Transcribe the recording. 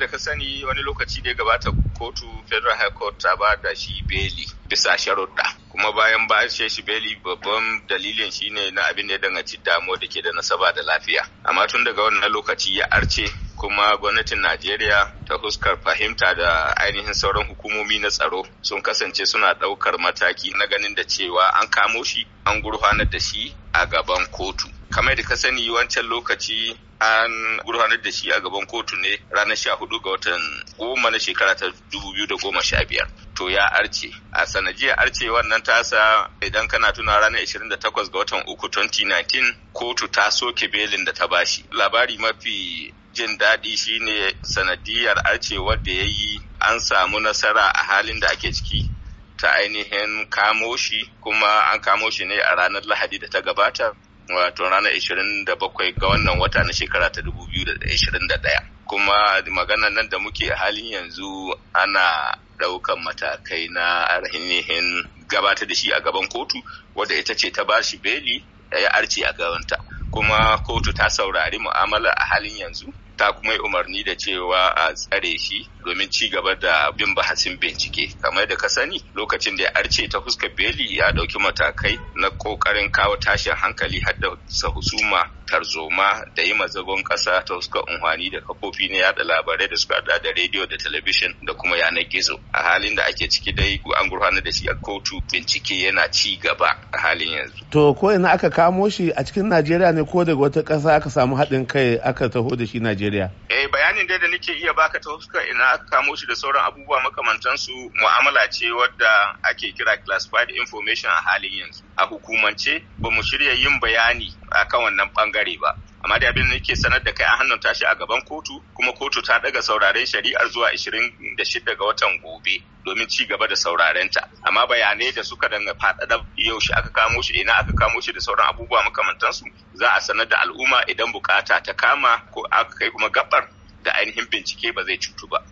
da ka sani wani lokaci da ya gabata kotu federal high court ta ba da shi beli bisa sharuɗa kuma bayan ba shi shi beli babban dalilin shi ne na abin da ya danganci damuwa da ke da nasaba da lafiya amma tun daga wannan lokaci ya arce kuma gwamnatin najeriya ta huskar fahimta da ainihin sauran hukumomi na tsaro sun kasance suna ɗaukar mataki na ganin da cewa an kamo shi an gurfanar da shi a gaban kotu kamar da ka sani wancan lokaci an gurfanar da shi a gaban kotu ne ranar sha hudu ga watan goma na shekara ta dubu biyu da goma sha biyar to ya arce a sanajiyar arce wannan tasa idan kana tuna ranar ishirin da takwas ga watan uku 2019 kotu ta soke belin da ta bashi labari mafi jin daɗi shine sanadiyar arce da ya yi an samu nasara a halin da ake ciki ta ainihin kamo shi kuma an kamo shi ne a ranar lahadi da ta gabata wato ranar 27 ga wannan wata na shekara ta 2021 kuma magana nan da muke halin yanzu ana ɗaukan matakai na ainihin gabatar da shi a gaban kotu wadda ita ce ta bashi beli ya arce a gabanta kuma kotu ta saurari mu'amala a halin yanzu ta kuma yi umarni da cewa a tsare shi domin ci gaba da bin bahasin bincike kamar da ka sani lokacin da ya arce ta fuska beli ya dauki matakai na kokarin kawo tashin hankali har da husuma tarzoma da yi mazagon kasa ta suka unhwani da kafofi na yada labarai da suka da da rediyo da talabishin da kuma yanar gizo a halin da ake ciki dai an gurfanar da shi a kotu bincike yana ci gaba a halin yanzu to ko ina aka kamo shi a cikin najeriya ne ko daga wata kasa aka samu haɗin kai aka taho da shi najeriya eh bayanin dai da nake iya baka ta suka ina aka kamo shi da sauran abubuwa su mu'amala ce wadda ake kira classified information a halin yanzu a hukumance bamu shirya yin bayani akan wannan bangare bangare ba amma da abin yake sanar da kai a hannun tashi a gaban kotu kuma kotu ta daga sauraren shari'ar zuwa da 26 ga watan gobe domin ci gaba da saurarenta amma bayanai da suka danga yau yaushe aka kamo shi ina aka kamo shi da sauran abubuwa makamantansu za a sanar da al'umma idan bukata ta kama ko aka kai kuma gabar da ainihin bincike ba zai cutu ba